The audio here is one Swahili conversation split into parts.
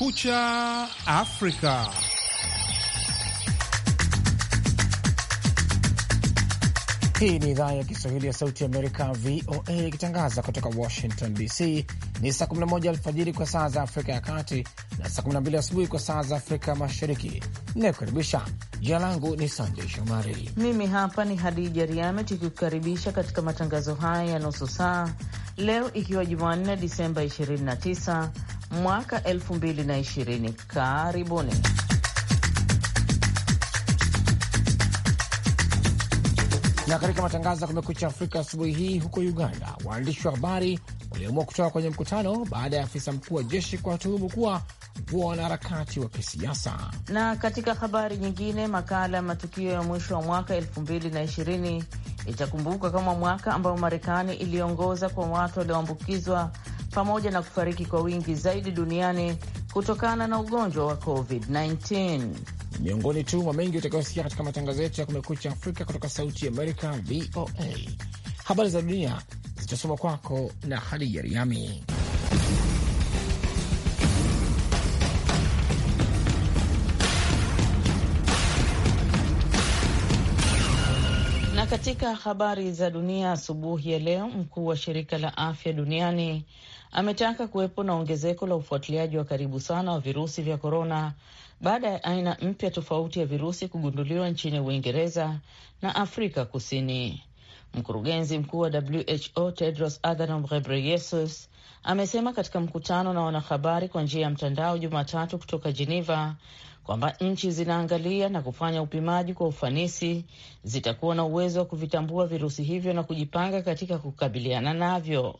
Kumekucha Afrika. Hii ni idhaa ya Kiswahili ya Sauti Amerika, VOA, ikitangaza kutoka Washington DC. Ni saa 11 alfajiri kwa saa za Afrika ya Kati na saa 12 asubuhi kwa saa za Afrika Mashariki. Inayokaribisha jina langu ni Sanjay Shomari, mimi hapa ni Hadija Riame, tukikukaribisha katika matangazo haya ya nusu saa leo, ikiwa Jumanne Disemba 29 mwaka 2020. Karibuni. Na katika matangazo ya Kumekucha Afrika asubuhi hii, huko Uganda waandishi wa habari waliamua kutoka kwenye mkutano baada ya afisa mkuu wa jeshi kuwatuhumu kuwa kuwa wanaharakati wa kisiasa. Na katika habari nyingine, makala ya matukio ya mwisho wa mwaka 2020 itakumbuka kama mwaka ambao Marekani iliongoza kwa watu walioambukizwa pamoja na kufariki kwa wingi zaidi duniani kutokana na ugonjwa wa COVID-19. Miongoni tu mwa mengi utakaosikia katika matangazo yetu ya Kumekucha Afrika kutoka Sauti Amerika, VOA. Habari za dunia zitasoma kwako na Hadija Riami. katika habari za dunia asubuhi ya leo, mkuu wa shirika la afya duniani ametaka kuwepo na ongezeko la ufuatiliaji wa karibu sana wa virusi vya korona baada ya aina mpya tofauti ya virusi kugunduliwa nchini Uingereza na Afrika Kusini. Mkurugenzi mkuu wa WHO Tedros Adhanom Ghebreyesus amesema katika mkutano na wanahabari kwa njia ya mtandao Jumatatu kutoka Geneva kwamba nchi zinaangalia na kufanya upimaji kwa ufanisi, zitakuwa na uwezo wa kuvitambua virusi hivyo na kujipanga katika kukabiliana navyo.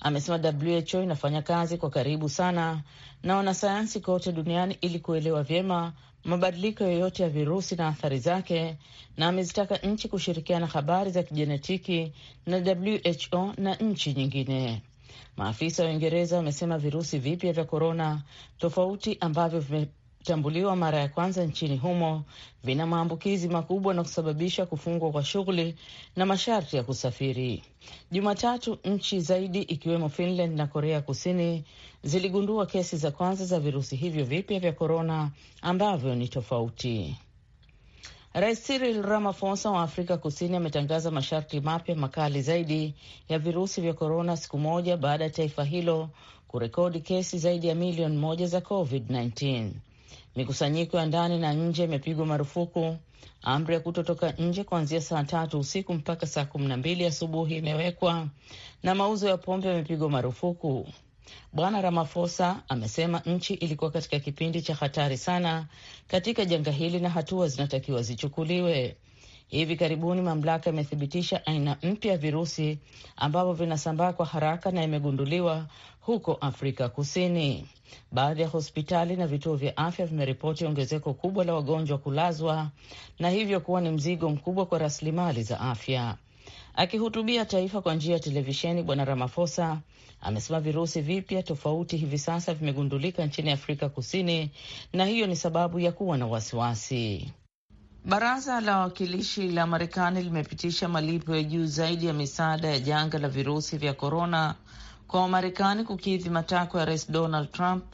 Amesema WHO inafanya kazi kwa karibu sana na wanasayansi kote duniani ili kuelewa vyema mabadiliko yoyote ya virusi na athari zake, na amezitaka nchi kushirikiana habari za kijenetiki na WHO na nchi nyingine. Maafisa wa Uingereza wamesema virusi vipya vya korona tofauti ambavyo vimetambuliwa mara ya kwanza nchini humo vina maambukizi makubwa na kusababisha kufungwa kwa shughuli na masharti ya kusafiri. Jumatatu, nchi zaidi ikiwemo Finland na Korea Kusini ziligundua kesi za kwanza za virusi hivyo vipya vya korona ambavyo ni tofauti. Rais Cyril Ramaphosa wa Afrika Kusini ametangaza masharti mapya makali zaidi ya virusi vya korona siku moja baada ya taifa hilo kurekodi kesi zaidi ya milioni moja za COVID-19. Mikusanyiko ya ndani na nje imepigwa marufuku. Amri ya kutotoka nje kuanzia saa tatu usiku mpaka saa kumi na mbili asubuhi imewekwa na mauzo ya pombe yamepigwa marufuku. Bwana Ramaphosa amesema nchi ilikuwa katika kipindi cha hatari sana katika janga hili na hatua zinatakiwa zichukuliwe. Hivi karibuni mamlaka imethibitisha aina mpya ya virusi ambavyo vinasambaa kwa haraka na imegunduliwa huko Afrika Kusini. Baadhi ya hospitali na vituo vya afya vimeripoti ongezeko kubwa la wagonjwa kulazwa na hivyo kuwa ni mzigo mkubwa kwa rasilimali za afya. Akihutubia taifa kwa njia ya televisheni, Bwana Ramaphosa amesema virusi vipya tofauti hivi sasa vimegundulika nchini Afrika Kusini, na hiyo ni sababu ya kuwa na wasiwasi. Baraza la Wawakilishi la Marekani limepitisha malipo ya juu zaidi ya misaada ya janga la virusi vya korona kwa Wamarekani kukidhi matakwa ya Rais Donald Trump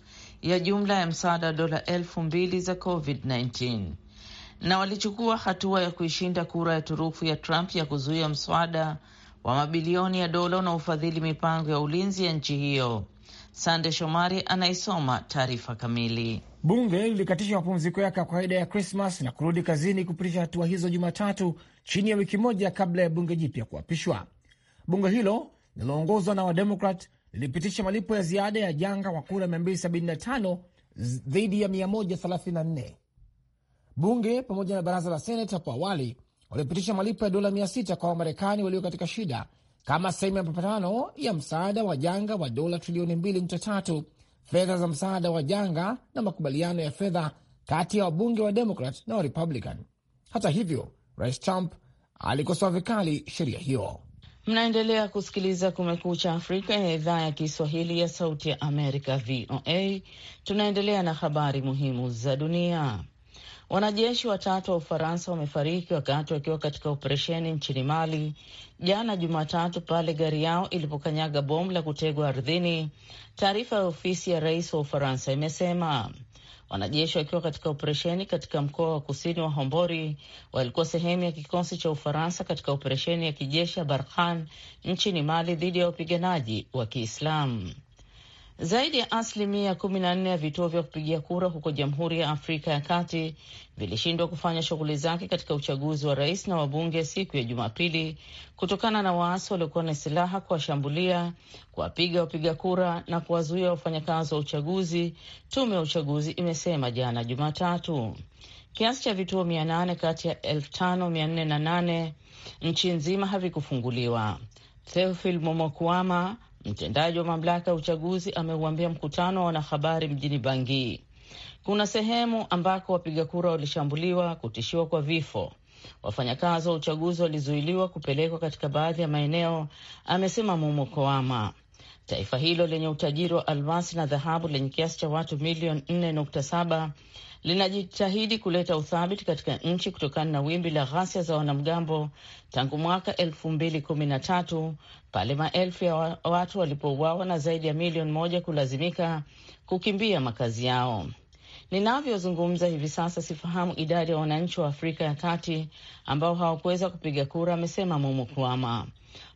ya jumla ya msaada wa dola elfu mbili za COVID-19 na walichukua hatua ya kuishinda kura ya turufu ya Trump ya kuzuia mswada wa mabilioni ya dola unaofadhili mipango ya ulinzi ya nchi hiyo. Sande Shomari anaisoma taarifa kamili. Bunge lilikatisha mapumziko yake ya kawaida ya Krismas na kurudi kazini kupitisha hatua hizo Jumatatu, chini ya wiki moja kabla ya bunge jipya kuapishwa. Bunge hilo linaloongozwa na Wademokrat lilipitisha malipo ya ziada ya janga wa kura 275 dhidi ya 134 Bunge pamoja na baraza la senate hapo awali walipitisha malipo ya dola mia sita kwa Wamarekani walio katika shida kama sehemu ya mapatano ya msaada wa janga wa dola trilioni mbili nukta tatu fedha za msaada wa janga na makubaliano ya fedha kati ya wabunge wa Demokrat na Warepublican. Hata hivyo, Rais Trump alikosoa vikali sheria hiyo. Mnaendelea kusikiliza Kumekucha Afrika ya idhaa ya Kiswahili ya Sauti ya Amerika, VOA. Tunaendelea na habari muhimu za dunia. Wanajeshi watatu wa Ufaransa wamefariki wakati wakiwa katika operesheni nchini Mali jana Jumatatu pale gari yao ilipokanyaga bomu la kutegwa ardhini, taarifa ya ofisi ya rais wa Ufaransa imesema. Wanajeshi wakiwa katika operesheni katika mkoa wa kusini wa Hombori walikuwa sehemu ya kikosi cha Ufaransa katika operesheni ya kijeshi ya Barkhan nchini Mali dhidi ya wapiganaji wa Kiislamu. Zaidi ya asilimia kumi na nne ya vituo vya kupigia kura huko Jamhuri ya Afrika ya Kati vilishindwa kufanya shughuli zake katika uchaguzi wa rais na wabunge siku ya Jumapili kutokana na waasi waliokuwa na silaha kuwashambulia, kuwapiga wapiga kura na kuwazuia wafanyakazi wa uchaguzi, tume ya uchaguzi imesema jana Jumatatu. Kiasi cha vituo mia nane kati ya elfu tano mia nne na nane nchi nzima havikufunguliwa. Theofil Momokuama Mtendaji wa mamlaka ya uchaguzi ameuambia mkutano wa wanahabari mjini Bangi kuna sehemu ambako wapiga kura walishambuliwa, kutishiwa kwa vifo. Wafanyakazi wa uchaguzi walizuiliwa kupelekwa katika baadhi ya maeneo, amesema Mumo Koama. Taifa hilo lenye utajiri wa almasi na dhahabu lenye kiasi cha watu milioni 4.7 linajitahidi kuleta uthabiti katika nchi kutokana na wimbi la ghasia za wanamgambo tangu mwaka elfu mbili kumi na tatu pale maelfu ya watu walipouawa na zaidi ya milioni moja kulazimika kukimbia makazi yao. Ninavyozungumza hivi sasa sifahamu idadi ya wananchi wa Afrika ya Kati ambao hawakuweza kupiga kura, amesema Mumukwama.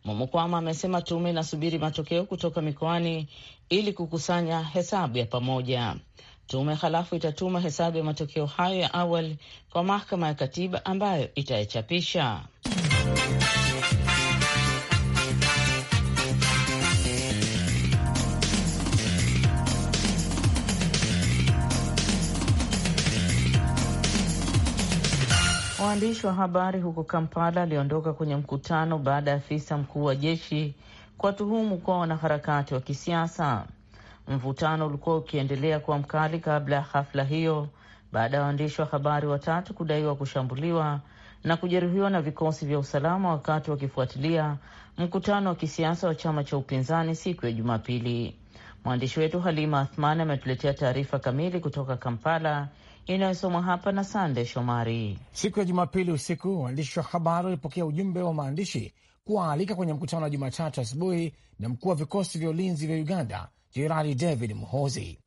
Mumukwama amesema tume inasubiri matokeo kutoka mikoani ili kukusanya hesabu ya pamoja. Tume halafu itatuma hesabu ya matokeo hayo ya awali kwa mahakama ya katiba ambayo itayachapisha. Waandishi wa habari huko Kampala aliondoka kwenye mkutano baada ya afisa mkuu wa jeshi tuhumu kwa wanaharakati wa kisiasa. Mvutano ulikuwa ukiendelea kuwa mkali kabla ya hafla hiyo, baada ya waandishi wa habari watatu kudaiwa kushambuliwa na kujeruhiwa na vikosi vya usalama wakati wakifuatilia mkutano wa kisiasa wa chama cha upinzani siku ya Jumapili. Mwandishi wetu Halima Athman ametuletea taarifa kamili kutoka Kampala inayosomwa hapa na Sande Shomari. Siku ya Jumapili usiku, waandishi wa habari walipokea ujumbe wa maandishi kuwaalika kwenye mkutano wa Jumatatu asubuhi na mkuu wa vikosi vya ulinzi vya Uganda Jenerali David Muhozi.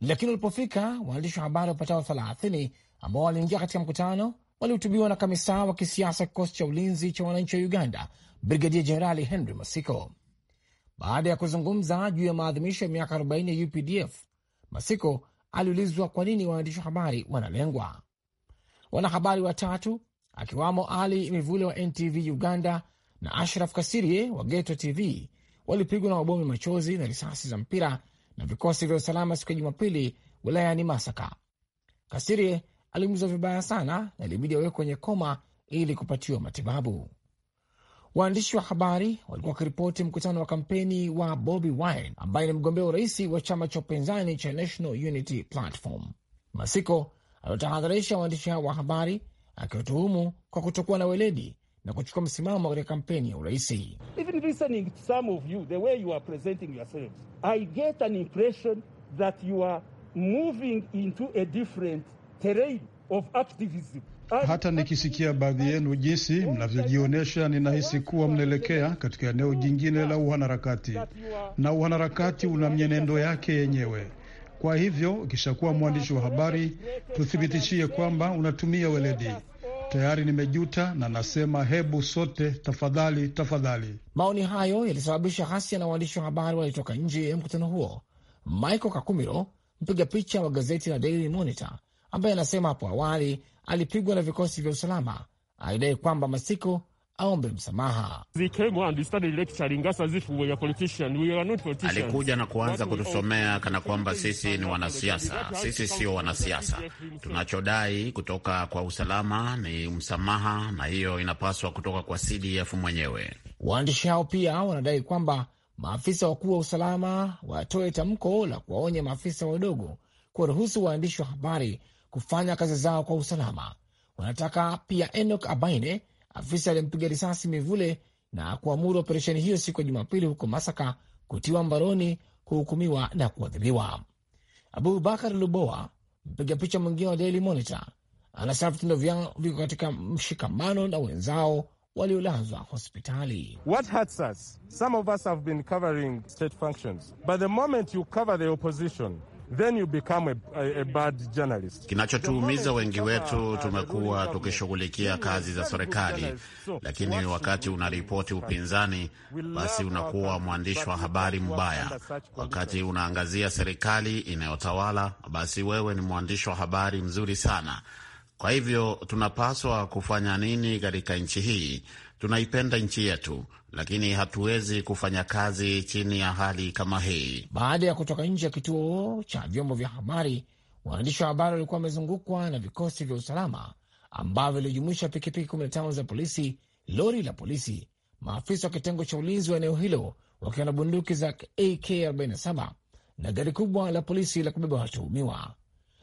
Lakini walipofika waandishi wa habari wapatao thelathini ambao waliingia katika mkutano walihutubiwa na kamisa wa kisiasa kikosi cha ulinzi cha wananchi wa Uganda, Brigadia Jenerali Henry Masiko. Baada ya kuzungumza juu ya maadhimisho ya miaka 40 ya UPDF, Masiko aliulizwa kwa nini waandishi wa habari wanalengwa. Wanahabari watatu akiwamo Ali Mivule wa NTV Uganda na Ashraf Kasirie wa Geto TV walipigwa na mabomu machozi na risasi za mpira na vikosi vya usalama siku ya Jumapili wilayani Masaka. kasirie aliumizwa vibaya sana na ilibidi awekwe kwenye koma ili kupatiwa matibabu. Waandishi wa habari walikuwa wakiripoti mkutano wa kampeni wa Bobi Wine ambaye ni mgombea urais wa chama cha upinzani cha National Unity Platform. Masiko aliotahadharisha waandishi hao wa habari akiwatuhumu kwa kutokuwa na weledi na kuchukua msimamo katika kampeni ya uraisi. Hata nikisikia baadhi yenu jinsi mnavyojionyesha, ninahisi kuwa mnaelekea katika eneo jingine la uanaharakati, na uanaharakati una mienendo yake yenyewe. Kwa hivyo, ukishakuwa mwandishi wa habari, tuthibitishie kwamba unatumia weledi. Tayari nimejuta na nasema hebu sote tafadhali, tafadhali. Maoni hayo yalisababisha ghasia na waandishi wa habari walitoka nje ya mkutano huo. Michael Kakumiro, mpiga picha wa gazeti la Daily Monitor, ambaye anasema hapo awali alipigwa na vikosi vya usalama, alidai kwamba Masiko aombe msamaha. Alikuja na kuanza kutusomea kana kwamba sisi ni wanasiasa. Sisi sio wanasiasa. Tunachodai kutoka kwa usalama ni msamaha, na hiyo inapaswa kutoka kwa CDF mwenyewe. Waandishi hao pia wanadai kwamba maafisa wakuu wa usalama watoe tamko la kuwaonya maafisa wadogo kuwaruhusu waandishi wa habari kufanya kazi zao kwa usalama. Wanataka pia Enoch Abaine Afisa alimpiga risasi Mivule na kuamuru operesheni hiyo siku ya Jumapili huko Masaka kutiwa mbaroni, kuhukumiwa na kuadhibiwa. Abubakar luboa mpiga picha mwingine wa Daily Monitor, anasema vitendo vyao viko katika mshikamano na wenzao waliolazwa hospitali. Then you become a, a, a bad journalist. Kinachotuumiza wengi wetu, uh, tumekuwa tukishughulikia kazi za serikali, lakini wakati unaripoti upinzani, basi unakuwa mwandishi wa habari mbaya. Wakati unaangazia serikali inayotawala, basi wewe ni mwandishi wa habari mzuri sana. Kwa hivyo tunapaswa kufanya nini katika nchi hii? Tunaipenda nchi yetu, lakini hatuwezi kufanya kazi chini ya hali kama hii. Baada ya kutoka nje ya kituo cha vyombo vya habari, waandishi wa habari walikuwa wamezungukwa na vikosi vya usalama ambavyo ilijumuisha pikipiki 15 za polisi, lori la polisi, maafisa wa kitengo cha ulinzi wa eneo hilo wakiwa na bunduki za AK47 na gari kubwa la polisi la kubeba watuhumiwa.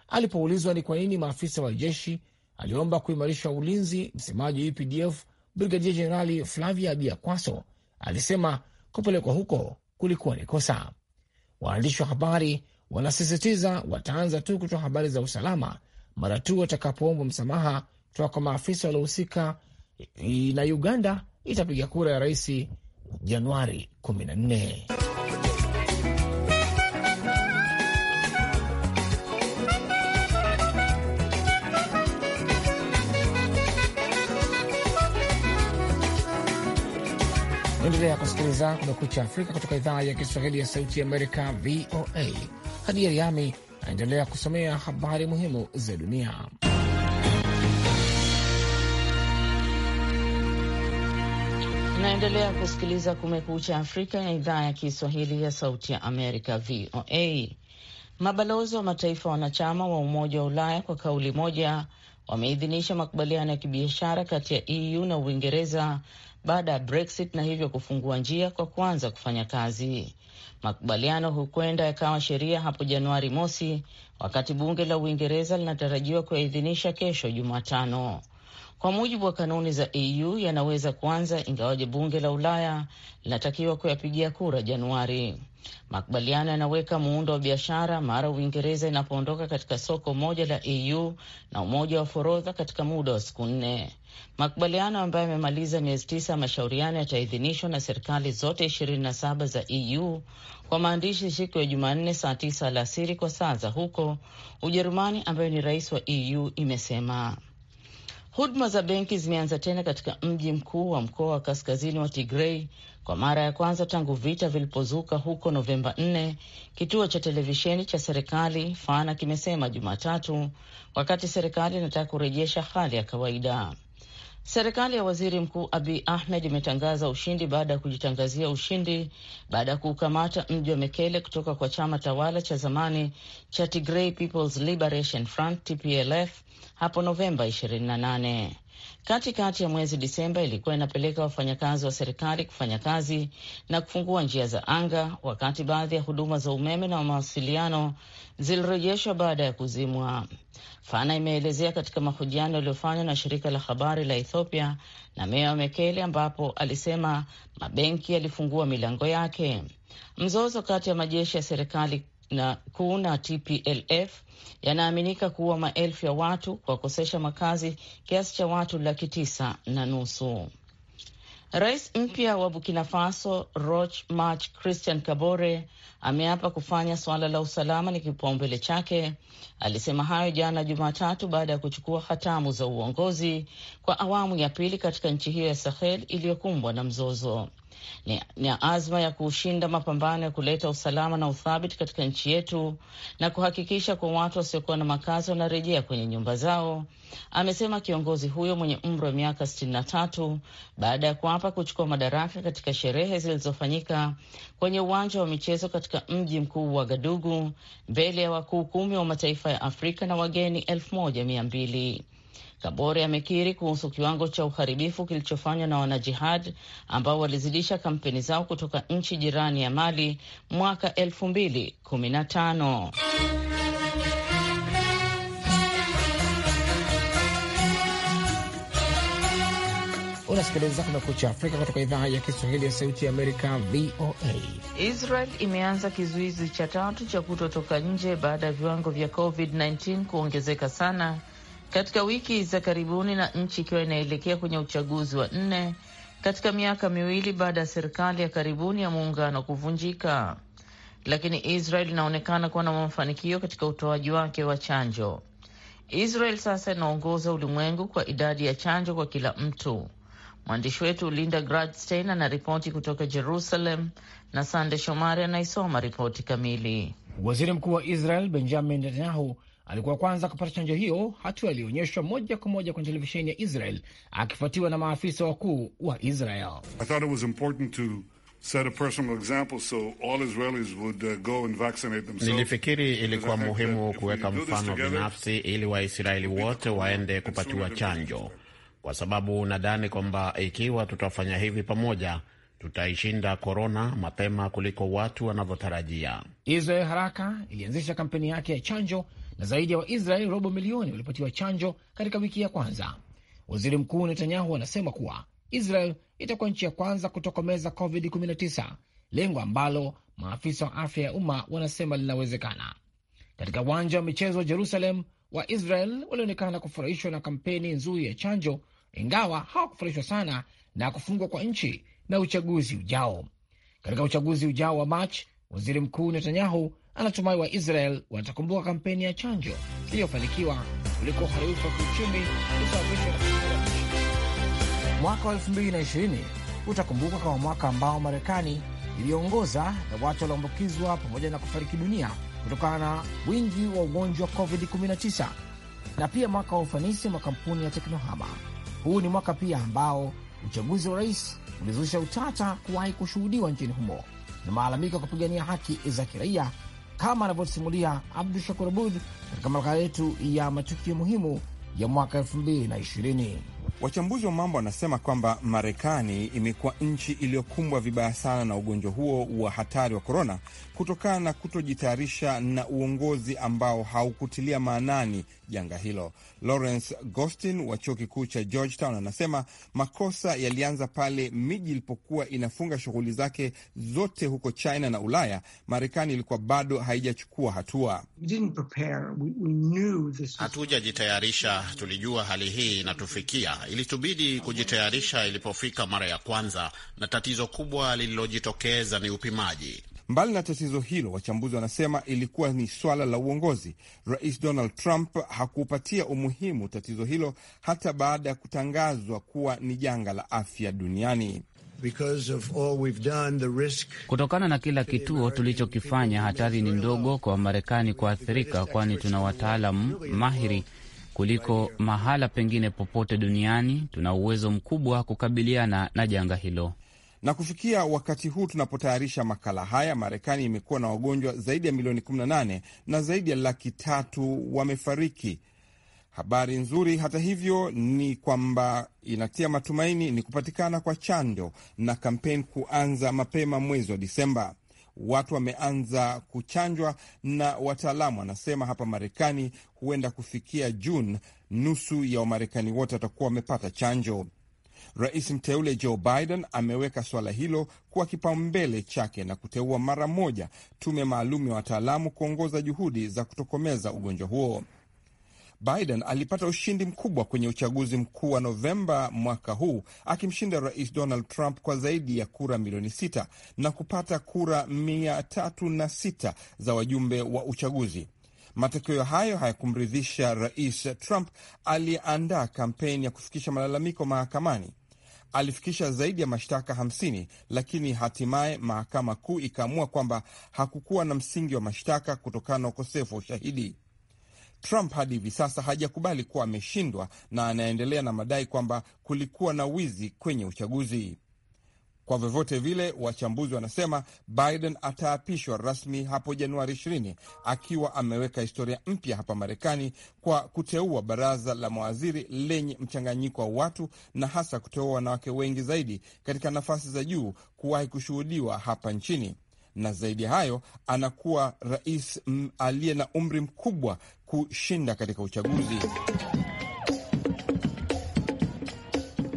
Alipoulizwa ni kwa nini maafisa wa jeshi aliomba kuimarisha ulinzi, msemaji wa UPDF Brigadia Jenerali Flavia Biakwaso alisema kupelekwa huko kulikuwa ni kosa. Waandishi wa habari wanasisitiza wataanza tu kutoa habari za usalama mara tu watakapoombwa msamaha kutoka kwa maafisa waliohusika, na Uganda itapiga kura ya rais Januari nne. Unaendelea kusikiliza Kumekucha Afrika kutoka idhaa ya Kiswahili ya Sauti ya Amerika, VOA. Hadi Ariami anaendelea kusomea habari muhimu za dunia. Naendelea kusikiliza Kumekucha Afrika ya idhaa ya Kiswahili ya Sauti ya Amerika, VOA. Mabalozi wa mataifa wanachama wa Umoja wa Ulaya kwa kauli moja wameidhinisha makubaliano ya kibiashara kati ya EU na Uingereza baada ya Brexit na hivyo kufungua njia kwa kuanza kufanya kazi. Makubaliano hukwenda yakawa sheria hapo Januari mosi, wakati bunge la Uingereza linatarajiwa kuyaidhinisha kesho Jumatano kwa mujibu wa kanuni za EU yanaweza kuanza, ingawaje bunge la Ulaya linatakiwa kuyapigia kura Januari. Makubaliano yanaweka muundo wa biashara mara Uingereza inapoondoka katika soko moja la EU na umoja wa forodha katika muda wa siku nne. Makubaliano ambayo yamemaliza miezi tisa ya mashauriano yataidhinishwa na serikali zote 27 za EU kwa maandishi siku ya Jumanne saa tisa alasiri kwa saa za huko Ujerumani, ambayo ni rais wa EU imesema. Huduma za benki zimeanza tena katika mji mkuu wa mkoa wa kaskazini wa Tigrei kwa mara ya kwanza tangu vita vilipozuka huko Novemba 4, kituo cha televisheni cha serikali Fana kimesema Jumatatu, wakati serikali inataka kurejesha hali ya kawaida. Serikali ya waziri mkuu Abi Ahmed imetangaza ushindi baada ya kujitangazia ushindi baada ya kuukamata mji wa Mekele kutoka kwa chama tawala cha zamani cha Tigray People's Liberation Front TPLF hapo Novemba 28. Katikati ya mwezi Disemba ilikuwa inapeleka wafanyakazi wa serikali kufanya kazi na kufungua njia za anga, wakati baadhi ya huduma za umeme na mawasiliano zilirejeshwa baada ya kuzimwa. Fana imeelezea katika mahojiano yaliyofanywa na shirika la habari la Ethiopia na meya wa Mekele, ambapo alisema mabenki yalifungua milango yake. Mzozo kati ya majeshi ya serikali na kuu na TPLF yanaaminika kuwa maelfu ya watu kuwakosesha makazi kiasi cha watu laki tisa na nusu. Rais mpya wa Burkina Faso Roch Marc Christian Kabore ameapa kufanya suala la usalama ni kipaumbele chake. Alisema hayo jana Jumatatu baada ya kuchukua hatamu za uongozi kwa awamu ya pili katika nchi hiyo ya Sahel iliyokumbwa na mzozo ni azma ya kushinda mapambano ya kuleta usalama na uthabiti katika nchi yetu na kuhakikisha kwa watu wasiokuwa na makazi wanarejea kwenye nyumba zao, amesema kiongozi huyo mwenye umri wa miaka tatu baada ya kuapa kuchukua madaraka katika sherehe zilizofanyika kwenye uwanja wa michezo katika mji mkuu wa Gadugu mbele ya wakuu kumi wa mataifa ya Afrika na wageni elfu moja mia mbili. Kabore amekiri kuhusu kiwango cha uharibifu kilichofanywa na wanajihad ambao walizidisha kampeni zao kutoka nchi jirani ya Mali mwaka elfu mbili kumi na tano. Unasikiliza Kumekucha Afrika kutoka idhaa ya Kiswahili ya Sauti ya Amerika, VOA. Israel imeanza kizuizi cha tatu cha kutotoka nje baada ya viwango vya COVID-19 kuongezeka sana katika wiki za karibuni na nchi ikiwa inaelekea kwenye uchaguzi wa nne katika miaka miwili baada ya serikali ya karibuni ya muungano kuvunjika. Lakini Israel inaonekana kuwa na mafanikio katika utoaji wake wa chanjo. Israel sasa inaongoza ulimwengu kwa idadi ya chanjo kwa kila mtu. Mwandishi wetu Linda Gradstein anaripoti kutoka Jerusalem na Sande Shomari anaisoma ripoti kamili. Waziri Mkuu wa Israel Benjamin Netanyahu alikuwa kwanza kupata chanjo hiyo, hatua iliyoonyeshwa moja kwa moja kwenye televisheni ya Israel akifuatiwa na maafisa wakuu wa Israel. Uh, Nilifikiri ilikuwa muhimu kuweka mfano binafsi ili Waisraeli wote waende kupatiwa chanjo, kwa sababu nadhani kwamba ikiwa tutafanya hivi pamoja tutaishinda korona mapema kuliko watu wanavyotarajia. Israel haraka ilianzisha kampeni yake ya chanjo na zaidi ya Waisraeli robo milioni walipatiwa chanjo katika wiki ya kwanza. Waziri Mkuu Netanyahu anasema kuwa Israel itakuwa nchi ya kwanza kutokomeza COVID-19, lengo ambalo maafisa wa afya ya umma wanasema linawezekana. Katika uwanja wa michezo wa Jerusalem, wa Israel walionekana kufurahishwa na kampeni nzuri ya chanjo, ingawa hawakufurahishwa sana na kufungwa kwa nchi na uchaguzi ujao. Katika uchaguzi ujao wa Machi, waziri mkuu Netanyahu anatumai Waisrael watakumbuka kampeni ya chanjo iliyofanikiwa kuliko uharibifu wa kiuchumi kusababishwa mwaka wa 2020 utakumbuka kama mwaka ambao Marekani iliongoza na watu walioambukizwa pamoja na kufariki dunia kutokana na wingi wa ugonjwa wa COVID-19 na pia mwaka wa ufanisi wa makampuni ya teknohama. Huu ni mwaka pia ambao uchaguzi wa rais ulizusha utata kuwahi kushuhudiwa nchini humo na maalamiko ya kupigania haki za kiraia kama anavyosimulia Abdu Shakur Abud katika makala yetu ya matukio muhimu ya mwaka elfu mbili na ishirini. Wachambuzi wa mambo wanasema kwamba Marekani imekuwa nchi iliyokumbwa vibaya sana na ugonjwa huo wa hatari wa korona kutokana na kutojitayarisha na uongozi ambao haukutilia maanani janga hilo. Lawrence Gostin wa chuo kikuu cha Georgetown anasema makosa yalianza pale miji ilipokuwa inafunga shughuli zake zote huko China na Ulaya. Marekani ilikuwa bado haijachukua hatua. Hatujajitayarisha, tulijua hali hii inatufikia ilitubidi kujitayarisha ilipofika mara ya kwanza, na tatizo kubwa lililojitokeza ni upimaji. Mbali na tatizo hilo, wachambuzi wanasema ilikuwa ni swala la uongozi. Rais Donald Trump hakupatia umuhimu tatizo hilo hata baada ya kutangazwa kuwa ni janga la afya duniani. Kutokana na kila kituo tulichokifanya, hatari ni ndogo kwa Wamarekani kuathirika, kwani tuna wataalam mahiri kuliko mahala pengine popote duniani. Tuna uwezo mkubwa kukabiliana na janga hilo. Na kufikia wakati huu tunapotayarisha makala haya, Marekani imekuwa na wagonjwa zaidi ya milioni 18 na zaidi ya laki tatu wamefariki. Habari nzuri hata hivyo ni kwamba inatia matumaini ni kupatikana kwa chanjo na kampeni kuanza mapema mwezi wa Disemba watu wameanza kuchanjwa, na wataalamu wanasema hapa Marekani huenda kufikia Juni nusu ya Wamarekani wote watakuwa wamepata chanjo. Rais mteule Joe Biden ameweka suala hilo kuwa kipaumbele chake na kuteua mara moja tume maalum ya wataalamu kuongoza juhudi za kutokomeza ugonjwa huo. Biden alipata ushindi mkubwa kwenye uchaguzi mkuu wa Novemba mwaka huu akimshinda Rais Donald Trump kwa zaidi ya kura milioni sita na kupata kura mia tatu na sita za wajumbe wa uchaguzi. Matokeo hayo hayakumridhisha Rais Trump aliyeandaa kampeni ya kufikisha malalamiko mahakamani. Alifikisha zaidi ya mashtaka 50 lakini hatimaye mahakama kuu ikaamua kwamba hakukuwa na msingi wa mashtaka kutokana na ukosefu wa ushahidi. Trump hadi hivi sasa hajakubali kuwa ameshindwa na anaendelea na madai kwamba kulikuwa na wizi kwenye uchaguzi. Kwa vyovyote vile, wachambuzi wanasema Biden ataapishwa rasmi hapo Januari 20 akiwa ameweka historia mpya hapa Marekani kwa kuteua baraza la mawaziri lenye mchanganyiko wa watu na hasa kuteua wanawake wengi zaidi katika nafasi za juu kuwahi kushuhudiwa hapa nchini na zaidi ya hayo anakuwa rais aliye na umri mkubwa kushinda katika uchaguzi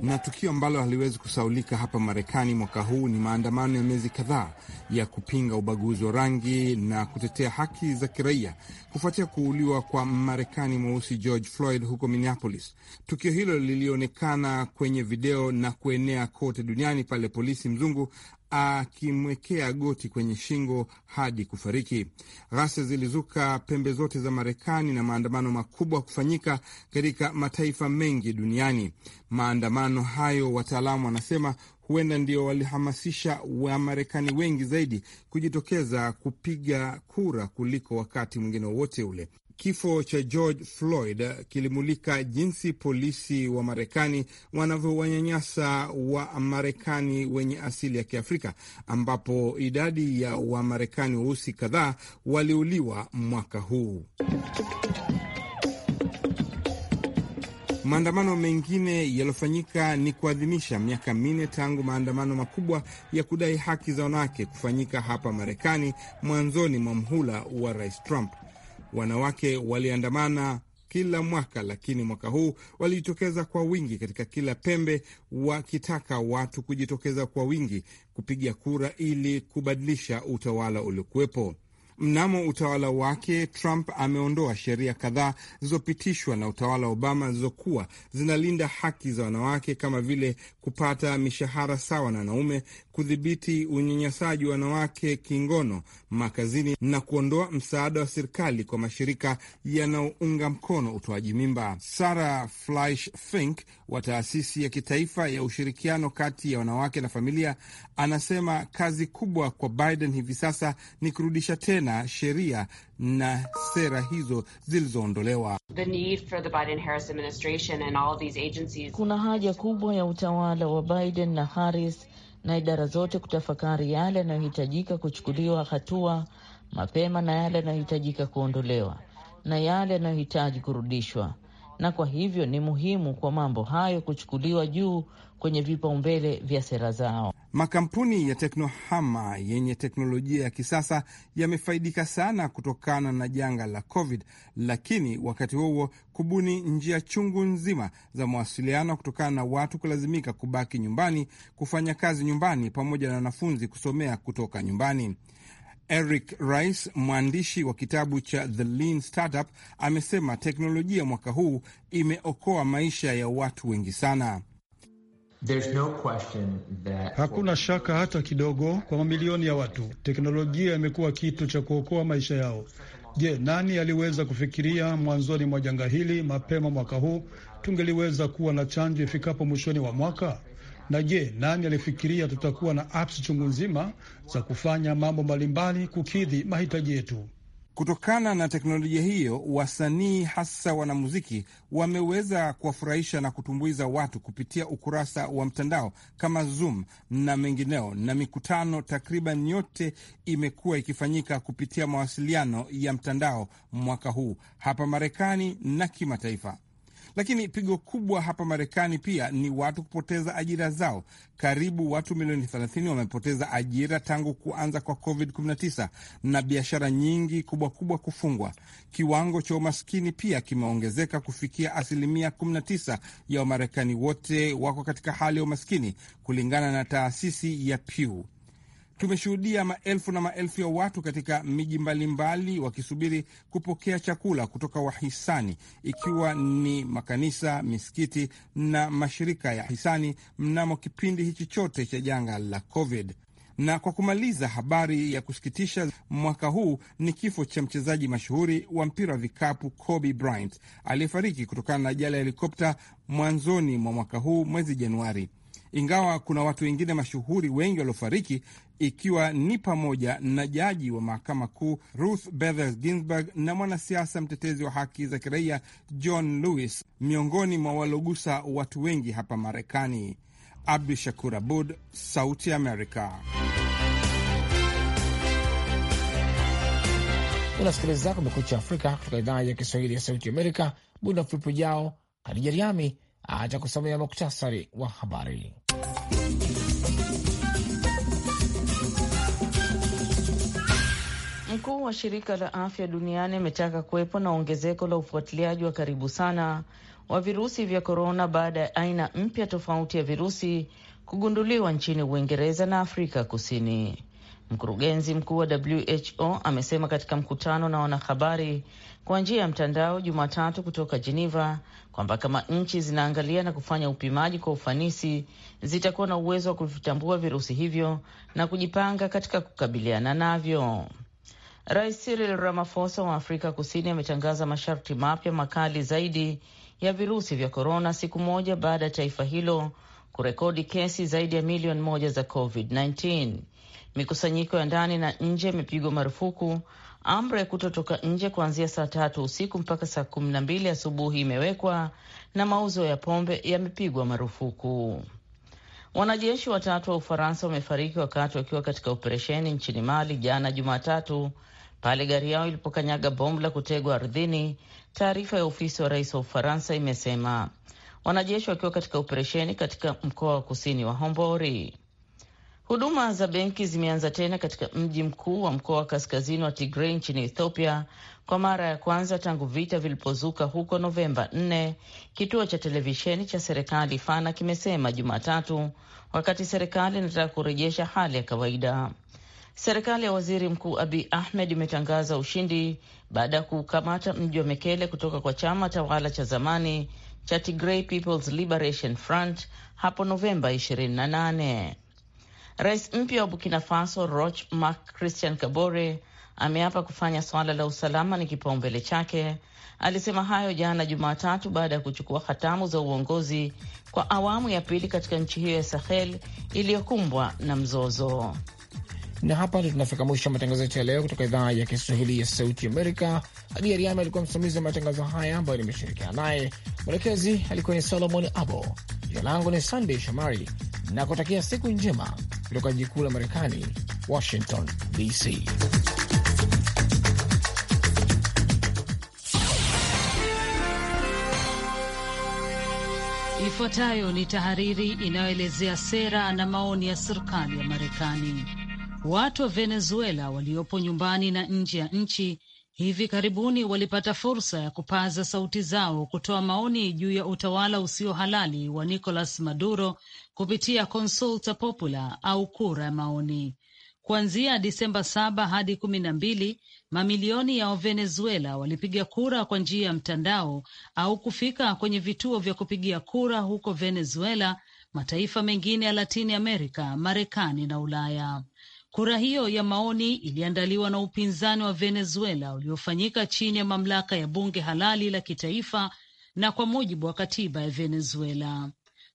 na tukio ambalo haliwezi kusaulika hapa Marekani mwaka huu ni maandamano ya miezi kadhaa ya kupinga ubaguzi wa rangi na kutetea haki za kiraia kufuatia kuuliwa kwa Marekani mweusi George Floyd huko Minneapolis. Tukio hilo lilionekana kwenye video na kuenea kote duniani pale polisi mzungu akimwekea goti kwenye shingo hadi kufariki. Ghasia zilizuka pembe zote za Marekani na maandamano makubwa kufanyika katika mataifa mengi duniani. Maandamano hayo, wataalamu wanasema, huenda ndio walihamasisha Wamarekani wengi zaidi kujitokeza kupiga kura kuliko wakati mwingine wowote ule. Kifo cha George Floyd kilimulika jinsi polisi wa Marekani wanavyowanyanyasa wa Marekani wenye asili ya Kiafrika, ambapo idadi ya Wamarekani weusi kadhaa waliuliwa mwaka huu. Maandamano mengine yaliyofanyika ni kuadhimisha miaka minne tangu maandamano makubwa ya kudai haki za wanawake kufanyika hapa Marekani mwanzoni mwa mhula wa Rais Trump. Wanawake waliandamana kila mwaka, lakini mwaka huu walijitokeza kwa wingi katika kila pembe, wakitaka watu kujitokeza kwa wingi kupiga kura ili kubadilisha utawala uliokuwepo. Mnamo utawala wake Trump ameondoa sheria kadhaa zilizopitishwa na utawala wa Obama zilizokuwa zinalinda haki za wanawake kama vile kupata mishahara sawa na wanaume, kudhibiti unyanyasaji wa wanawake kingono makazini na kuondoa msaada wa serikali kwa mashirika yanayounga mkono utoaji mimba. Sara Fleisch Fink wa taasisi ya kitaifa ya ushirikiano kati ya wanawake na familia anasema kazi kubwa kwa Biden hivi sasa ni kurudisha tena sheria na sera hizo zilizoondolewa. Kuna haja kubwa ya utawala wa Biden na Harris na idara zote kutafakari yale yanayohitajika kuchukuliwa hatua mapema na yale yanayohitajika kuondolewa na yale yanayohitaji kurudishwa, na kwa hivyo ni muhimu kwa mambo hayo kuchukuliwa juu kwenye vipaumbele vya sera zao. Makampuni ya teknohama yenye teknolojia ya kisasa yamefaidika sana kutokana na janga la COVID, lakini wakati huo huo kubuni njia chungu nzima za mawasiliano kutokana na watu kulazimika kubaki nyumbani, kufanya kazi nyumbani, pamoja na wanafunzi kusomea kutoka nyumbani. Eric Rice, mwandishi wa kitabu cha The Lean Startup, amesema teknolojia mwaka huu imeokoa maisha ya watu wengi sana. Hakuna shaka hata kidogo, kwa mamilioni ya watu teknolojia imekuwa kitu cha kuokoa maisha yao. Je, nani aliweza kufikiria mwanzoni mwa janga hili mapema mwaka huu tungeliweza kuwa na chanjo ifikapo mwishoni wa mwaka? Na je, nani alifikiria tutakuwa na apps chungu nzima za kufanya mambo mbalimbali kukidhi mahitaji yetu? Kutokana na teknolojia hiyo, wasanii hasa wanamuziki wameweza kuwafurahisha na kutumbuiza watu kupitia ukurasa wa mtandao kama Zoom na mengineo, na mikutano takriban yote imekuwa ikifanyika kupitia mawasiliano ya mtandao mwaka huu hapa Marekani na kimataifa. Lakini pigo kubwa hapa Marekani pia ni watu kupoteza ajira zao. Karibu watu milioni 30 wamepoteza ajira tangu kuanza kwa COVID-19 na biashara nyingi kubwa kubwa kufungwa. Kiwango cha umaskini pia kimeongezeka kufikia asilimia 19 ya Wamarekani wote wako katika hali ya umaskini kulingana na taasisi ya Pew. Tumeshuhudia maelfu na maelfu ya watu katika miji mbalimbali wakisubiri kupokea chakula kutoka wahisani, ikiwa ni makanisa, misikiti na mashirika ya hisani mnamo kipindi hichi chote cha janga la COVID. Na kwa kumaliza, habari ya kusikitisha mwaka huu ni kifo cha mchezaji mashuhuri wa mpira wa vikapu Kobe Bryant aliyefariki kutokana na ajali ya helikopta mwanzoni mwa mwaka huu mwezi Januari ingawa kuna watu wengine mashuhuri wengi waliofariki, ikiwa ni pamoja na jaji wa mahakama kuu Ruth Bader Ginsburg na mwanasiasa mtetezi wa haki za kiraia John Lewis, miongoni mwa waliogusa watu wengi hapa Marekani. Abdu Shakur Abud, Sauti america Amerika. Unasikiliza Kumekucha Afrika kutoka idhaa ya Kiswahili ya Sauti Amerika. Muda mfupi ujao, Hadija Riami atakusomea muktasari wa habari. Mkuu wa shirika la afya duniani ametaka kuwepo na ongezeko la ufuatiliaji wa karibu sana wa virusi vya korona baada ya aina mpya tofauti ya virusi kugunduliwa nchini Uingereza na Afrika Kusini. Mkurugenzi mkuu wa WHO amesema katika mkutano na wanahabari kwa njia ya mtandao Jumatatu kutoka Geneva kwamba kama nchi zinaangalia na kufanya upimaji kwa ufanisi, zitakuwa na uwezo wa kuvitambua virusi hivyo na kujipanga katika kukabiliana navyo. Rais Cyril Ramaphosa wa Afrika Kusini ametangaza masharti mapya makali zaidi ya virusi vya korona siku moja baada ya taifa hilo kurekodi kesi zaidi ya milioni moja za COVID-19. Mikusanyiko ya ndani na nje imepigwa marufuku. Amri ya kutotoka nje kuanzia saa tatu usiku mpaka saa kumi na mbili asubuhi imewekwa na mauzo ya pombe yamepigwa marufuku. Wanajeshi watatu wa Ufaransa wamefariki wakati wakiwa katika operesheni nchini Mali jana Jumatatu pale gari yao ilipokanyaga bomu la kutegwa ardhini. Taarifa ya ofisi wa rais wa Ufaransa imesema wanajeshi wakiwa katika operesheni katika mkoa wa kusini wa Hombori. Huduma za benki zimeanza tena katika mji mkuu wa mkoa wa kaskazini wa Tigrei nchini Ethiopia kwa mara ya kwanza tangu vita vilipozuka huko Novemba 4, kituo cha televisheni cha serikali Fana kimesema Jumatatu, wakati serikali inataka kurejesha hali ya kawaida. Serikali ya waziri mkuu Abi Ahmed imetangaza ushindi baada ya kukamata mji wa Mekele kutoka kwa chama tawala cha zamani cha Tigray People's Liberation Front hapo Novemba 28. Rais mpya wa Burkina Faso Roch Marc Christian Kabore ameapa kufanya suala la usalama ni kipaumbele chake. Alisema hayo jana Jumatatu baada ya kuchukua hatamu za uongozi kwa awamu ya pili katika nchi hiyo ya Sahel iliyokumbwa na mzozo. Na hapa ndio tunafika mwisho wa matangazo yetu ya leo kutoka idhaa ya Kiswahili ya Sauti Amerika. Adi Ariama alikuwa msimamizi wa matangazo haya ambayo nimeshirikiana naye. Mwelekezi alikuwa ni Solomon Abo. Jina langu ni Sandey Shomari na kutakia siku njema kutoka jiji kuu la Marekani, Washington DC. Ifuatayo ni tahariri inayoelezea sera na maoni ya serikali ya Marekani. Watu wa Venezuela waliopo nyumbani na nje ya nchi hivi karibuni walipata fursa ya kupaza sauti zao kutoa maoni juu ya utawala usio halali wa Nicolas Maduro kupitia Consulta Popular au kura ya maoni. Kuanzia Disemba saba hadi kumi na mbili, mamilioni ya Wavenezuela walipiga kura kwa njia ya mtandao au kufika kwenye vituo vya kupigia kura huko Venezuela, mataifa mengine ya Latini Amerika, Marekani na Ulaya. Kura hiyo ya maoni iliandaliwa na upinzani wa Venezuela uliofanyika chini ya mamlaka ya bunge halali la kitaifa na kwa mujibu wa katiba ya Venezuela.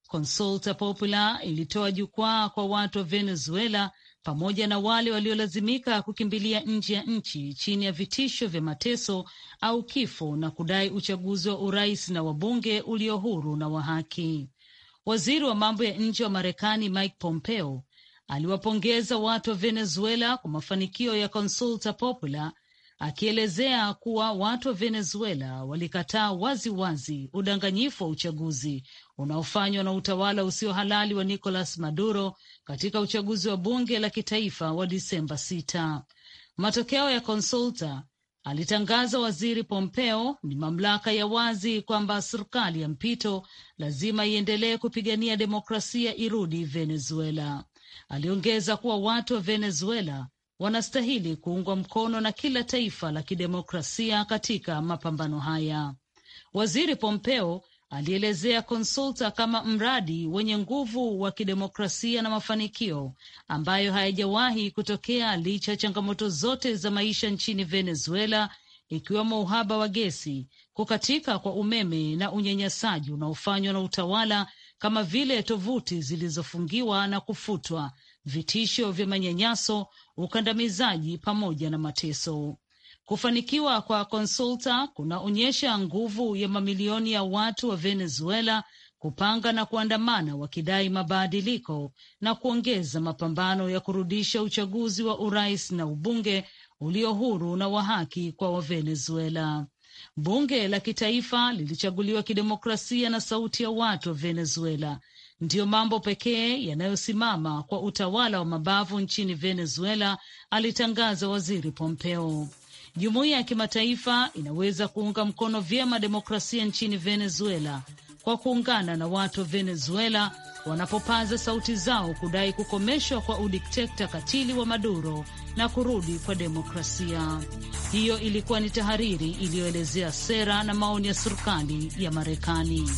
Consulta Popular ilitoa jukwaa kwa watu wa Venezuela pamoja na wale waliolazimika kukimbilia nje ya nchi chini ya vitisho vya mateso au kifo na kudai uchaguzi wa urais na wabunge ulio huru na wa haki. Waziri wa mambo ya nje wa Marekani Mike Pompeo aliwapongeza watu wa Venezuela kwa mafanikio ya Consulta popula akielezea kuwa watu wa Venezuela walikataa waziwazi udanganyifu wa uchaguzi unaofanywa na utawala usio halali wa Nicolas Maduro katika uchaguzi wa bunge la kitaifa wa Disemba 6. Matokeo ya Consulta, alitangaza Waziri Pompeo, ni mamlaka ya wazi kwamba serikali ya mpito lazima iendelee kupigania demokrasia irudi Venezuela. Aliongeza kuwa watu wa Venezuela wanastahili kuungwa mkono na kila taifa la kidemokrasia katika mapambano haya. Waziri Pompeo alielezea konsulta kama mradi wenye nguvu wa kidemokrasia na mafanikio ambayo hayajawahi kutokea licha ya changamoto zote za maisha nchini Venezuela, ikiwemo uhaba wa gesi, kukatika kwa umeme na unyanyasaji unaofanywa na utawala kama vile tovuti zilizofungiwa na kufutwa, vitisho vya manyanyaso, ukandamizaji pamoja na mateso. Kufanikiwa kwa Konsulta kunaonyesha nguvu ya mamilioni ya watu wa Venezuela kupanga na kuandamana wakidai mabadiliko na kuongeza mapambano ya kurudisha uchaguzi wa urais na ubunge ulio huru na wa haki kwa Wavenezuela. Bunge la kitaifa lilichaguliwa kidemokrasia na sauti ya watu wa Venezuela. Ndiyo mambo pekee yanayosimama kwa utawala wa mabavu nchini Venezuela, alitangaza waziri Pompeo. Jumuiya ya kimataifa inaweza kuunga mkono vyema demokrasia nchini Venezuela kwa kuungana na watu wa Venezuela wanapopaza sauti zao kudai kukomeshwa kwa udikteta katili wa Maduro na kurudi kwa demokrasia. Hiyo ilikuwa ni tahariri iliyoelezea sera na maoni ya serikali ya Marekani.